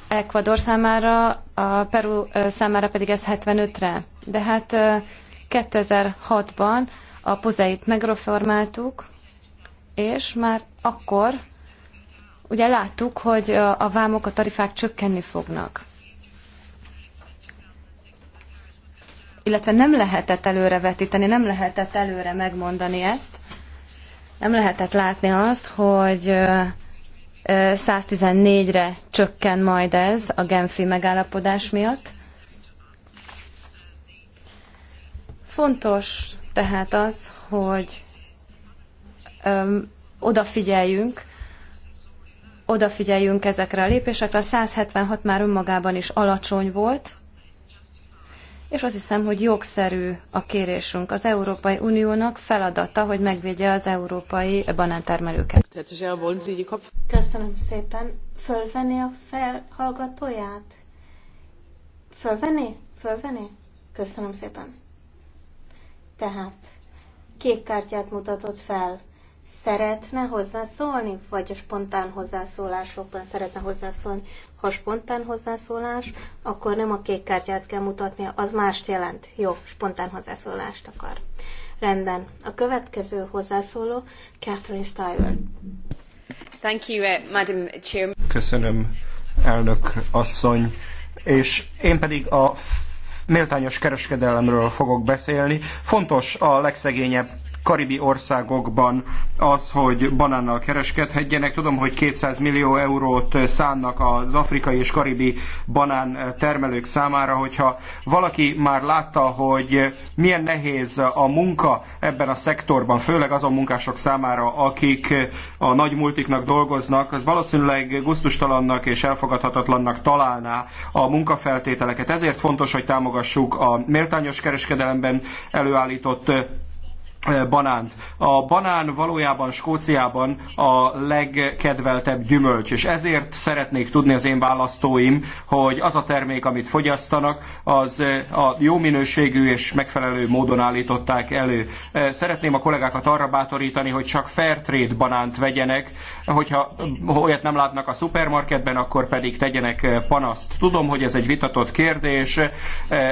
Ecuador számára, a Peru számára pedig ez 75-re. De hát 2006-ban a pozeit megreformáltuk, és már akkor ugye láttuk, hogy a vámok, a tarifák csökkenni fognak. Illetve nem lehetett előrevetíteni, nem lehetett előre megmondani ezt, nem lehetett látni azt, hogy 114-re csökken majd ez a Genfi megállapodás miatt. Fontos tehát az, hogy öm, odafigyeljünk, odafigyeljünk ezekre a lépésekre. A 176 már önmagában is alacsony volt, és azt hiszem, hogy jogszerű a kérésünk. Az Európai Uniónak feladata, hogy megvédje az európai banántermelőket. Köszönöm szépen. Fölvenni a felhallgatóját? Fölvenni? Fölvenni? Köszönöm szépen. Tehát kék kártyát mutatott fel szeretne hozzászólni, vagy a spontán hozzászólásokban szeretne hozzászólni. Ha spontán hozzászólás, akkor nem a kék kártyát kell mutatnia, az mást jelent. Jó, spontán hozzászólást akar. Rendben. A következő hozzászóló Catherine Styler. Thank you, eh, Madam Chair. Köszönöm, elnök asszony. És én pedig a méltányos kereskedelemről fogok beszélni. Fontos a legszegényebb karibi országokban az, hogy banánnal kereskedhetjenek. Tudom, hogy 200 millió eurót szánnak az afrikai és karibi banán termelők számára, hogyha valaki már látta, hogy milyen nehéz a munka ebben a szektorban, főleg azon munkások számára, akik a nagy multiknak dolgoznak, az valószínűleg guztustalannak és elfogadhatatlannak találná a munkafeltételeket. Ezért fontos, hogy támogassuk a méltányos kereskedelemben előállított Eh, banánt. A banán valójában Skóciában a legkedveltebb gyümölcs, és ezért szeretnék tudni az én választóim, hogy az a termék, amit fogyasztanak, az eh, a jó minőségű és megfelelő módon állították elő. Eh, szeretném a kollégákat arra bátorítani, hogy csak fair trade banánt vegyenek, hogyha olyat nem látnak a szupermarketben, akkor pedig tegyenek panaszt. Tudom, hogy ez egy vitatott kérdés,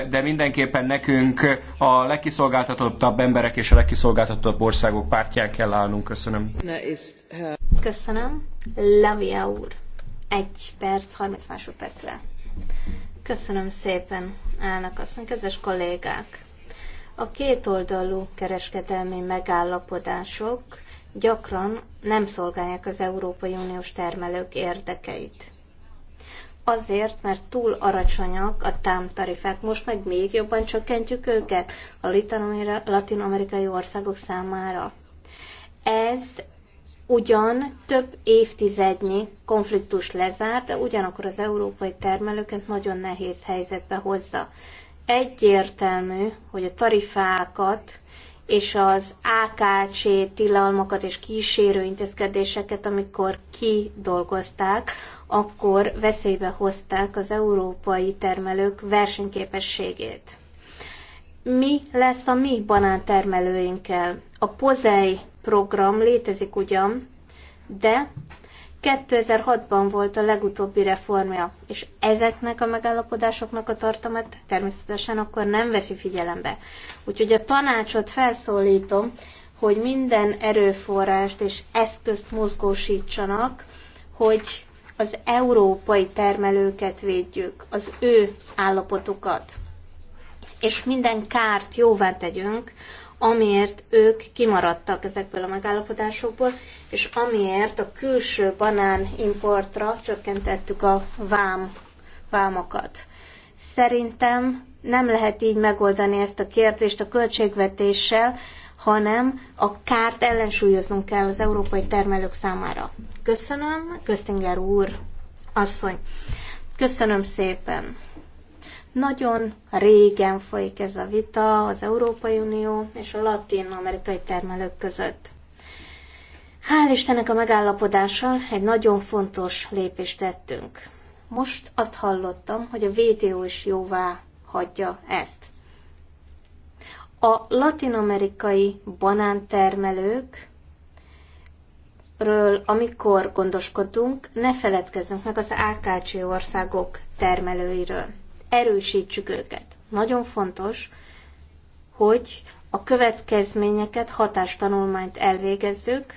de mindenképpen nekünk a legkiszolgáltatottabb emberek és a legkiszolgáltatottabb kiszolgáltatott országok pártján kell állnunk. Köszönöm. Köszönöm. Lavia úr. Egy perc, 30 másodpercre. Köszönöm szépen, elnök asszony, kedves kollégák! A kétoldalú kereskedelmi megállapodások gyakran nem szolgálják az Európai Uniós termelők érdekeit azért, mert túl aracsonyak a támtarifák. Most meg még jobban csökkentjük őket a latin-amerikai országok számára. Ez ugyan több évtizednyi konfliktus lezárt, de ugyanakkor az európai termelőket nagyon nehéz helyzetbe hozza. Egyértelmű, hogy a tarifákat és az AKC tilalmakat és kísérő intézkedéseket, amikor kidolgozták, akkor veszélybe hozták az európai termelők versenyképességét. Mi lesz a mi banántermelőinkkel? A POZEI program létezik ugyan, de 2006-ban volt a legutóbbi reformja, és ezeknek a megállapodásoknak a tartalmat természetesen akkor nem veszi figyelembe. Úgyhogy a tanácsot felszólítom, hogy minden erőforrást és eszközt mozgósítsanak, hogy az európai termelőket védjük, az ő állapotukat, és minden kárt jóvá tegyünk, amiért ők kimaradtak ezekből a megállapodásokból, és amiért a külső banán importra csökkentettük a vám, vámokat. Szerintem nem lehet így megoldani ezt a kérdést a költségvetéssel, hanem a kárt ellensúlyoznunk kell az európai termelők számára. Köszönöm, Köztinger úr, asszony. Köszönöm szépen. Nagyon régen folyik ez a vita az Európai Unió és a latin-amerikai termelők között. Hál' Istennek a megállapodással egy nagyon fontos lépést tettünk. Most azt hallottam, hogy a VTO is jóvá hagyja ezt. A latinamerikai banántermelők ről, amikor gondoskodunk, ne feledkezzünk meg az AKC országok termelőiről. Erősítsük őket. Nagyon fontos, hogy a következményeket, hatástanulmányt elvégezzük,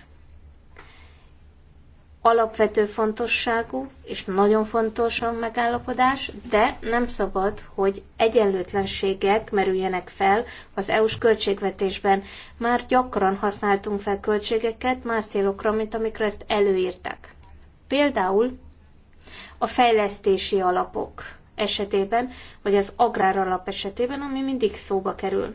alapvető fontosságú és nagyon fontos a megállapodás, de nem szabad, hogy egyenlőtlenségek merüljenek fel az EU-s költségvetésben. Már gyakran használtunk fel költségeket más célokra, mint amikre ezt előírtak. Például a fejlesztési alapok esetében, vagy az agráralap esetében, ami mindig szóba kerül.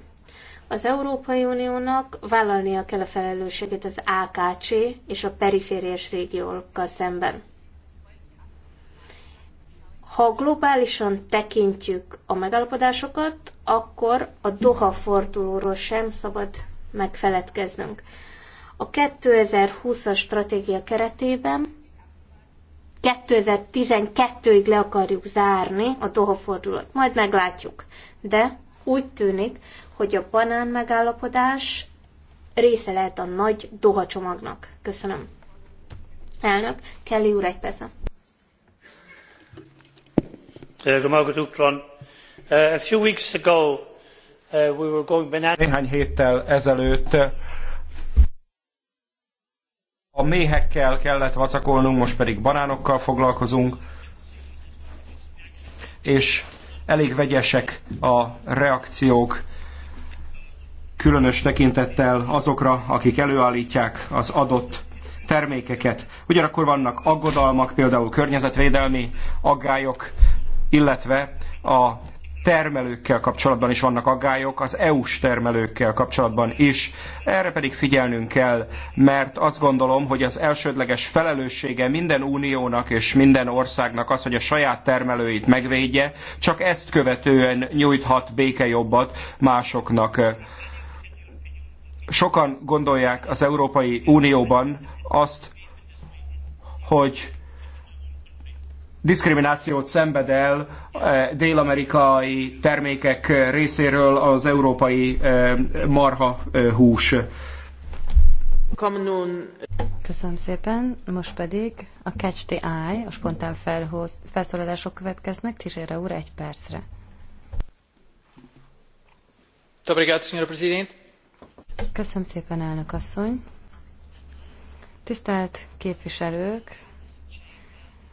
Az Európai Uniónak vállalnia kell a felelősséget az AKC és a perifériás régiókkal szemben. Ha globálisan tekintjük a megalapodásokat, akkor a Doha fordulóról sem szabad megfeledkeznünk. A 2020-as stratégia keretében 2012-ig le akarjuk zárni a Doha fordulót. Majd meglátjuk. De úgy tűnik, hogy a banán megállapodás része lehet a nagy Doha csomagnak. Köszönöm. Elnök, Kelly úr, egy perc. A few weeks ago, uh, we were going Néhány héttel ezelőtt a méhekkel kellett vacakolnunk, most pedig banánokkal foglalkozunk, és elég vegyesek a reakciók különös tekintettel azokra, akik előállítják az adott termékeket. Ugyanakkor vannak aggodalmak, például környezetvédelmi aggályok, illetve a termelőkkel kapcsolatban is vannak aggályok, az EU-s termelőkkel kapcsolatban is. Erre pedig figyelnünk kell, mert azt gondolom, hogy az elsődleges felelőssége minden uniónak és minden országnak az, hogy a saját termelőit megvédje, csak ezt követően nyújthat békejobbat másoknak sokan gondolják az Európai Unióban azt, hogy diszkriminációt szenved el eh, dél-amerikai termékek részéről az európai eh, marha eh, hús. Köszönöm szépen. Most pedig a Catch the Eye, a spontán felhoz, felszólalások következnek. Tisére úr, egy percre. Obrigado, Sr. Presidente. Köszönöm szépen, elnök asszony. Tisztelt képviselők,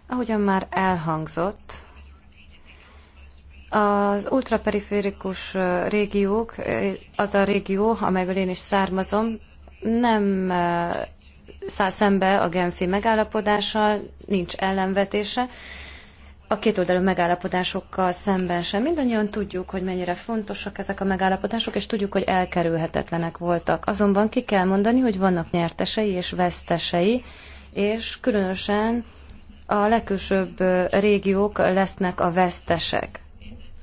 ahogyan már elhangzott, az ultraperiférikus régiók, az a régió, amelyből én is származom, nem száll szembe a Genfi megállapodással, nincs ellenvetése, a kétoldalú megállapodásokkal szemben sem. Mindannyian tudjuk, hogy mennyire fontosak ezek a megállapodások, és tudjuk, hogy elkerülhetetlenek voltak. Azonban ki kell mondani, hogy vannak nyertesei és vesztesei, és különösen a legkülsőbb régiók lesznek a vesztesek.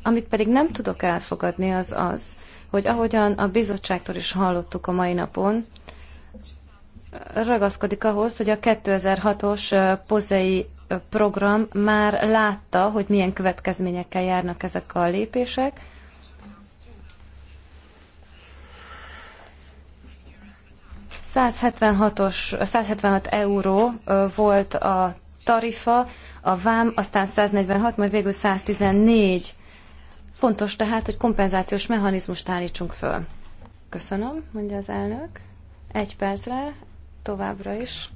Amit pedig nem tudok elfogadni, az az, hogy ahogyan a bizottságtól is hallottuk a mai napon, ragaszkodik ahhoz, hogy a 2006-os pozei program már látta, hogy milyen következményekkel járnak ezek a lépések. os 176 euró volt a tarifa, a vám, aztán 146, majd végül 114. Fontos tehát, hogy kompenzációs mechanizmust állítsunk föl. Köszönöm, mondja az elnök. Egy percre, továbbra is.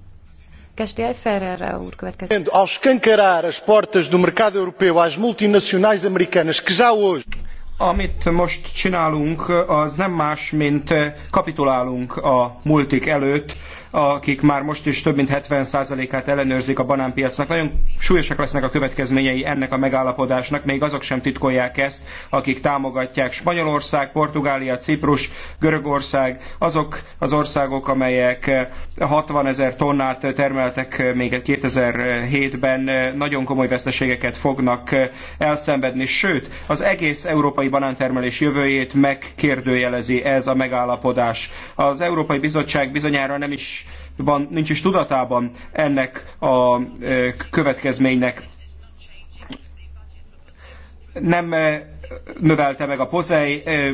Kestiel Ferreira úr következik. Aos cancarar as portas do mercado europeu às multinacionais americanas que já hoje amit most csinálunk, az nem más, mint kapitulálunk a multik előtt, akik már most is több mint 70%-át ellenőrzik a banánpiacnak. Nagyon súlyosak lesznek a következményei ennek a megállapodásnak, még azok sem titkolják ezt, akik támogatják Spanyolország, Portugália, Ciprus, Görögország, azok az országok, amelyek 60 ezer tonnát termeltek még 2007-ben, nagyon komoly veszteségeket fognak elszenvedni, sőt, az egész európai banántermelés jövőjét megkérdőjelezi ez a megállapodás. Az Európai Bizottság bizonyára nem is van, nincs is tudatában ennek a következménynek nem eh, növelte meg a pozei eh,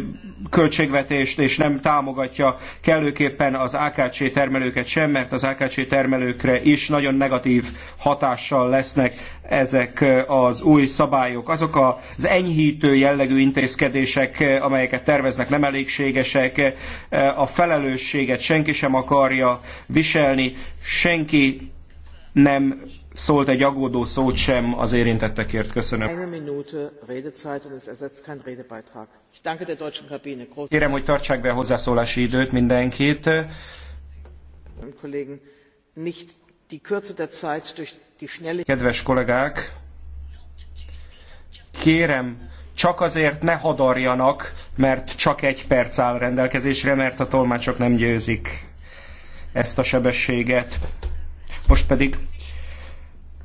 költségvetést, és nem támogatja kellőképpen az AKC termelőket sem, mert az AKC termelőkre is nagyon negatív hatással lesznek ezek eh, az új szabályok. Azok az enyhítő jellegű intézkedések, amelyeket terveznek, nem elégségesek, a felelősséget senki sem akarja viselni, senki nem szólt egy aggódó szót sem az érintettekért. Köszönöm. Kérem, hogy tartsák be a hozzászólási időt mindenkit. Kedves kollégák, kérem, csak azért ne hadarjanak, mert csak egy perc áll rendelkezésre, mert a tolmácsok nem győzik ezt a sebességet. Most pedig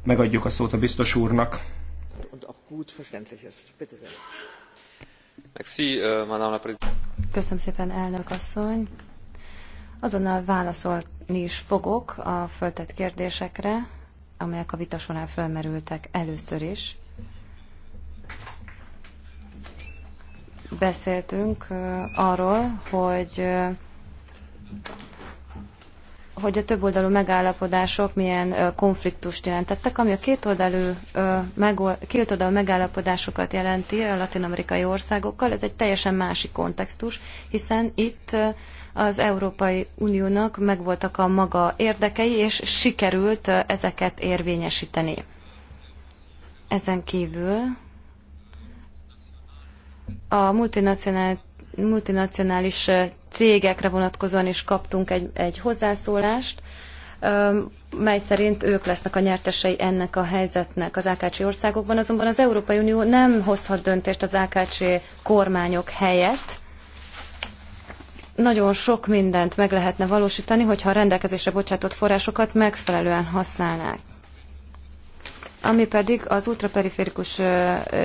megadjuk a szót a biztos úrnak. Köszönöm szépen, elnök asszony. Azonnal válaszolni is fogok a föltett kérdésekre, amelyek a vita során felmerültek először is. Beszéltünk arról, hogy hogy a többoldalú megállapodások milyen konfliktust jelentettek, ami a kétoldalú két megállapodásokat jelenti a latinamerikai országokkal. Ez egy teljesen másik kontextus, hiszen itt az Európai Uniónak megvoltak a maga érdekei, és sikerült ezeket érvényesíteni. Ezen kívül a multinacionális cégekre vonatkozóan is kaptunk egy, egy hozzászólást, mely szerint ők lesznek a nyertesei ennek a helyzetnek az AKC országokban, azonban az Európai Unió nem hozhat döntést az AKC kormányok helyett, nagyon sok mindent meg lehetne valósítani, hogyha a rendelkezésre bocsátott forrásokat megfelelően használnák. Ami pedig az ultraperiférikus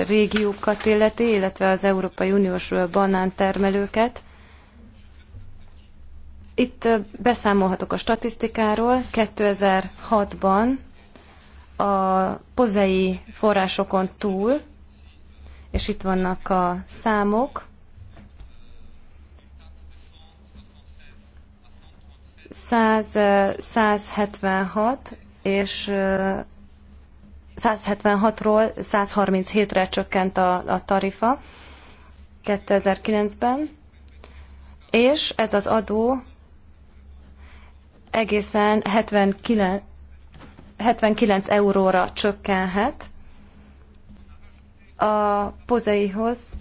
régiókat illeti, illetve az Európai Uniós banántermelőket, itt beszámolhatok a statisztikáról. 2006-ban a pozei forrásokon túl, és itt vannak a számok, 100, 176 és 176-ról 137-re csökkent a, a tarifa 2009-ben, és ez az adó egészen 79, 79 euróra csökkenhet. A pozeihoz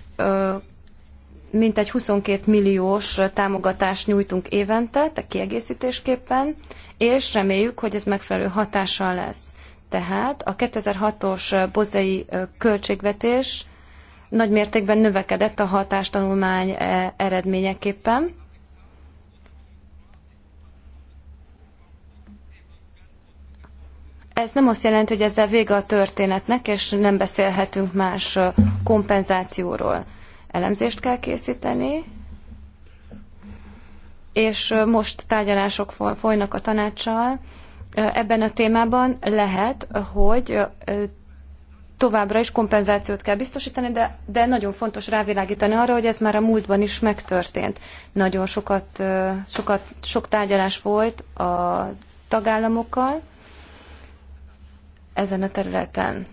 mintegy 22 milliós támogatást nyújtunk évente, tehát kiegészítésképpen, és reméljük, hogy ez megfelelő hatással lesz. Tehát a 2006-os bozei költségvetés nagy mértékben növekedett a hatástanulmány e, eredményeképpen, Ez nem azt jelenti, hogy ezzel vége a történetnek, és nem beszélhetünk más kompenzációról. Elemzést kell készíteni, és most tárgyalások folynak a tanácssal. Ebben a témában lehet, hogy továbbra is kompenzációt kell biztosítani, de, de nagyon fontos rávilágítani arra, hogy ez már a múltban is megtörtént. Nagyon sokat, sokat sok tárgyalás volt a tagállamokkal, ezen a területen.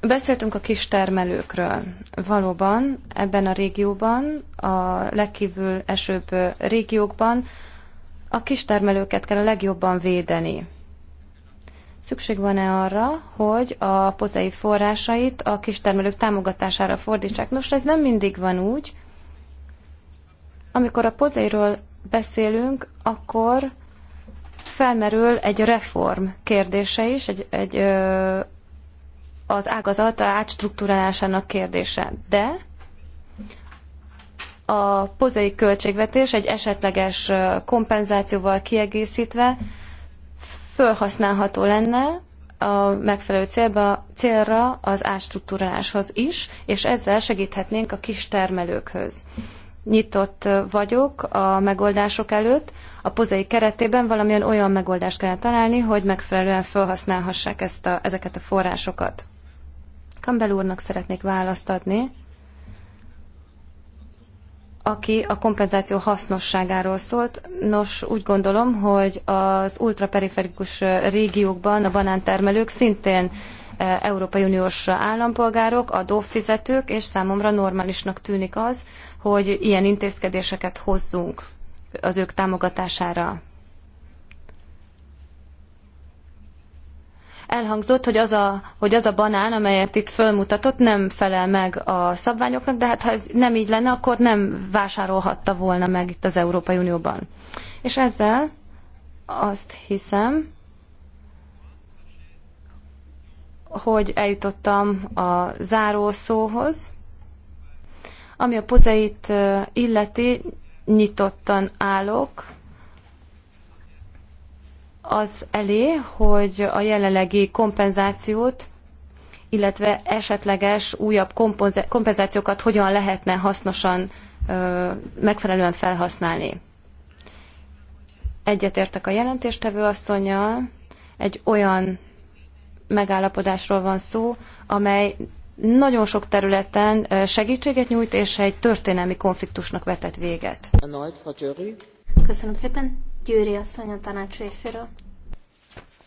Beszéltünk a kistermelőkről. Valóban ebben a régióban, a legkívül esőbb régiókban a kistermelőket kell a legjobban védeni. Szükség van-e arra, hogy a pozai forrásait a kistermelők támogatására fordítsák? Nos, ez nem mindig van úgy. Amikor a pozairól beszélünk, akkor felmerül egy reform kérdése is, egy, egy ö, az ágazat átstruktúrálásának kérdése. De a pozai költségvetés egy esetleges kompenzációval kiegészítve felhasználható lenne a megfelelő célba, célra az átstruktúráláshoz is, és ezzel segíthetnénk a kis termelőkhöz nyitott vagyok a megoldások előtt. A pozai keretében valamilyen olyan megoldást kell találni, hogy megfelelően felhasználhassák ezt a, ezeket a forrásokat. Campbell úrnak szeretnék választ adni, aki a kompenzáció hasznosságáról szólt. Nos, úgy gondolom, hogy az ultraperiferikus régiókban a banántermelők szintén E, Európai Uniós állampolgárok, adófizetők, és számomra normálisnak tűnik az, hogy ilyen intézkedéseket hozzunk az ők támogatására. elhangzott, hogy az, a, hogy az a banán, amelyet itt fölmutatott, nem felel meg a szabványoknak, de hát ha ez nem így lenne, akkor nem vásárolhatta volna meg itt az Európai Unióban. És ezzel azt hiszem, hogy eljutottam a zárószóhoz. Ami a pozeit illeti, nyitottan állok az elé, hogy a jelenlegi kompenzációt, illetve esetleges újabb kompenzációkat hogyan lehetne hasznosan, megfelelően felhasználni. Egyetértek a jelentéstevő asszonyjal, egy olyan megállapodásról van szó, amely nagyon sok területen segítséget nyújt, és egy történelmi konfliktusnak vetett véget. Köszönöm szépen. Győri asszony a tanács részéről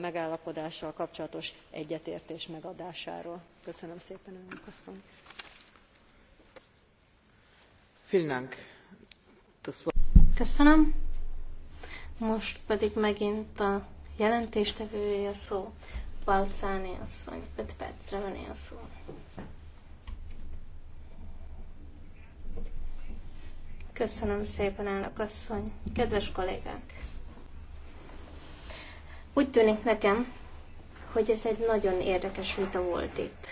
megállapodással kapcsolatos egyetértés megadásáról. köszönöm szépen elnök asszony! Köszönöm. Most pedig megint a jelentéstevője a szó, Balcáné asszony, 5 percre van a szó. Köszönöm szépen, elnök asszony, kedves kollégák! Úgy tűnik nekem, hogy ez egy nagyon érdekes vita volt itt.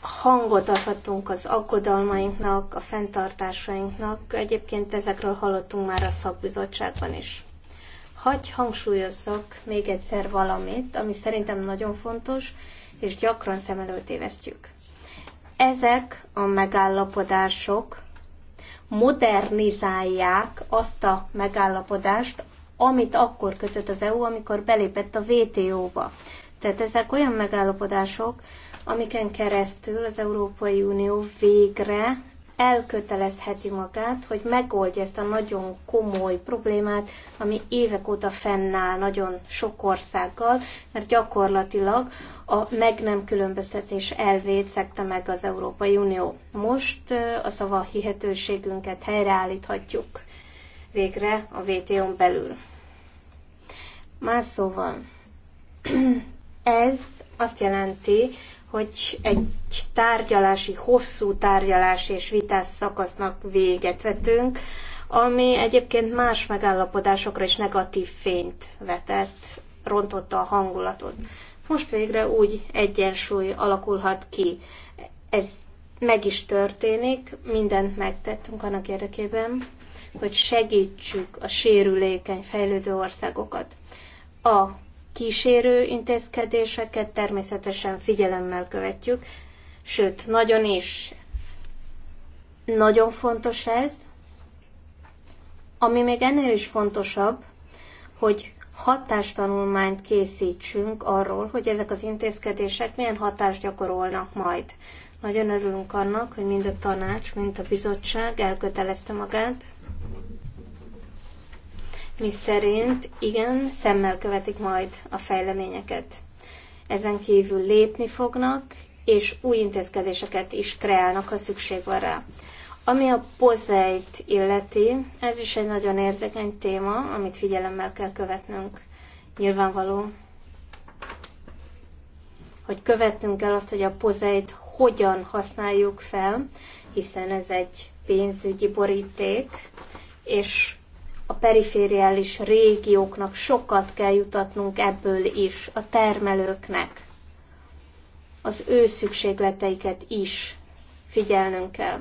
Hangot adhatunk az aggodalmainknak, a fenntartásainknak. Egyébként ezekről hallottunk már a szakbizottságban is. Hagy hangsúlyozzak még egyszer valamit, ami szerintem nagyon fontos, és gyakran szem előtt évesztjük. Ezek a megállapodások modernizálják azt a megállapodást, amit akkor kötött az EU, amikor belépett a WTO-ba. Tehát ezek olyan megállapodások, amiken keresztül az Európai Unió végre elkötelezheti magát, hogy megoldja ezt a nagyon komoly problémát, ami évek óta fennáll nagyon sok országgal, mert gyakorlatilag a meg nem különböztetés elvét szekte meg az Európai Unió. Most a szava hihetőségünket helyreállíthatjuk végre a WTO-n belül. Más szóval, <clears throat> ez azt jelenti, hogy egy tárgyalási, hosszú tárgyalás és vitás szakasznak véget vetünk, ami egyébként más megállapodásokra is negatív fényt vetett, rontotta a hangulatot. Most végre úgy egyensúly alakulhat ki. Ez meg is történik, mindent megtettünk annak érdekében, hogy segítsük a sérülékeny fejlődő országokat. A kísérő intézkedéseket természetesen figyelemmel követjük, sőt, nagyon is. Nagyon fontos ez. Ami még ennél is fontosabb, hogy hatástanulmányt készítsünk arról, hogy ezek az intézkedések milyen hatást gyakorolnak majd. Nagyon örülünk annak, hogy mind a tanács, mind a bizottság elkötelezte magát mi szerint igen, szemmel követik majd a fejleményeket. Ezen kívül lépni fognak, és új intézkedéseket is kreálnak, ha szükség van rá. Ami a pozeit illeti, ez is egy nagyon érzékeny téma, amit figyelemmel kell követnünk. Nyilvánvaló, hogy követnünk kell azt, hogy a pozeit hogyan használjuk fel, hiszen ez egy pénzügyi boríték, és a perifériális régióknak sokat kell jutatnunk ebből is, a termelőknek. Az ő szükségleteiket is figyelnünk kell.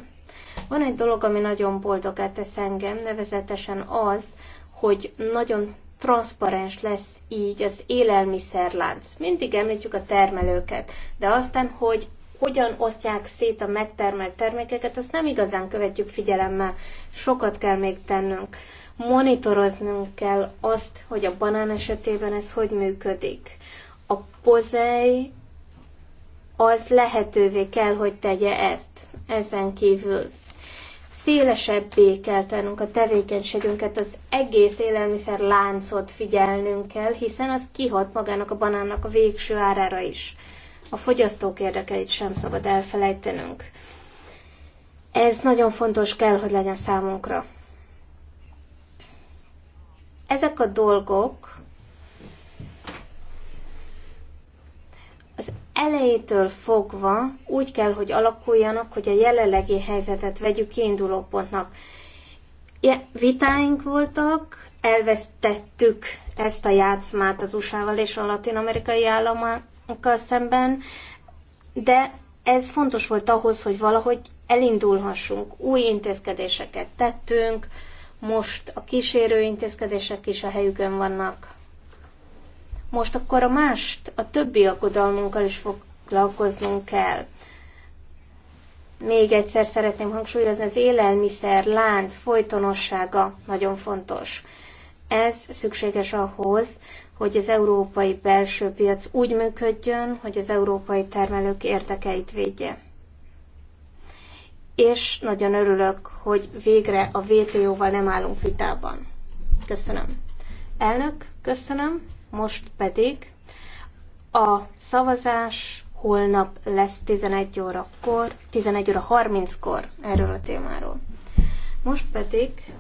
Van egy dolog, ami nagyon boldog tesz engem, nevezetesen az, hogy nagyon transzparens lesz így az élelmiszerlánc. Mindig említjük a termelőket, de aztán, hogy hogyan osztják szét a megtermelt termékeket, azt nem igazán követjük figyelemmel. Sokat kell még tennünk monitoroznunk kell azt, hogy a banán esetében ez hogy működik. A pozei az lehetővé kell, hogy tegye ezt. Ezen kívül szélesebbé kell tennünk a tevékenységünket, az egész élelmiszer láncot figyelnünk kell, hiszen az kihat magának a banánnak a végső árára is. A fogyasztók érdekeit sem szabad elfelejtenünk. Ez nagyon fontos kell, hogy legyen számunkra. Ezek a dolgok az elejétől fogva úgy kell, hogy alakuljanak, hogy a jelenlegi helyzetet vegyük kiinduló pontnak. Ja, vitáink voltak, elvesztettük ezt a játszmát az USA-val és a latin-amerikai államokkal szemben, de ez fontos volt ahhoz, hogy valahogy elindulhassunk. Új intézkedéseket tettünk, most a kísérő intézkedések is a helyükön vannak. Most akkor a mást, a többi aggodalmunkkal is foglalkoznunk kell. Még egyszer szeretném hangsúlyozni, az élelmiszer lánc folytonossága nagyon fontos. Ez szükséges ahhoz, hogy az európai belső piac úgy működjön, hogy az európai termelők érdekeit védje és nagyon örülök, hogy végre a VTO-val nem állunk vitában. Köszönöm. Elnök, köszönöm. Most pedig a szavazás holnap lesz 11 órakor, 11 óra 30-kor erről a témáról. Most pedig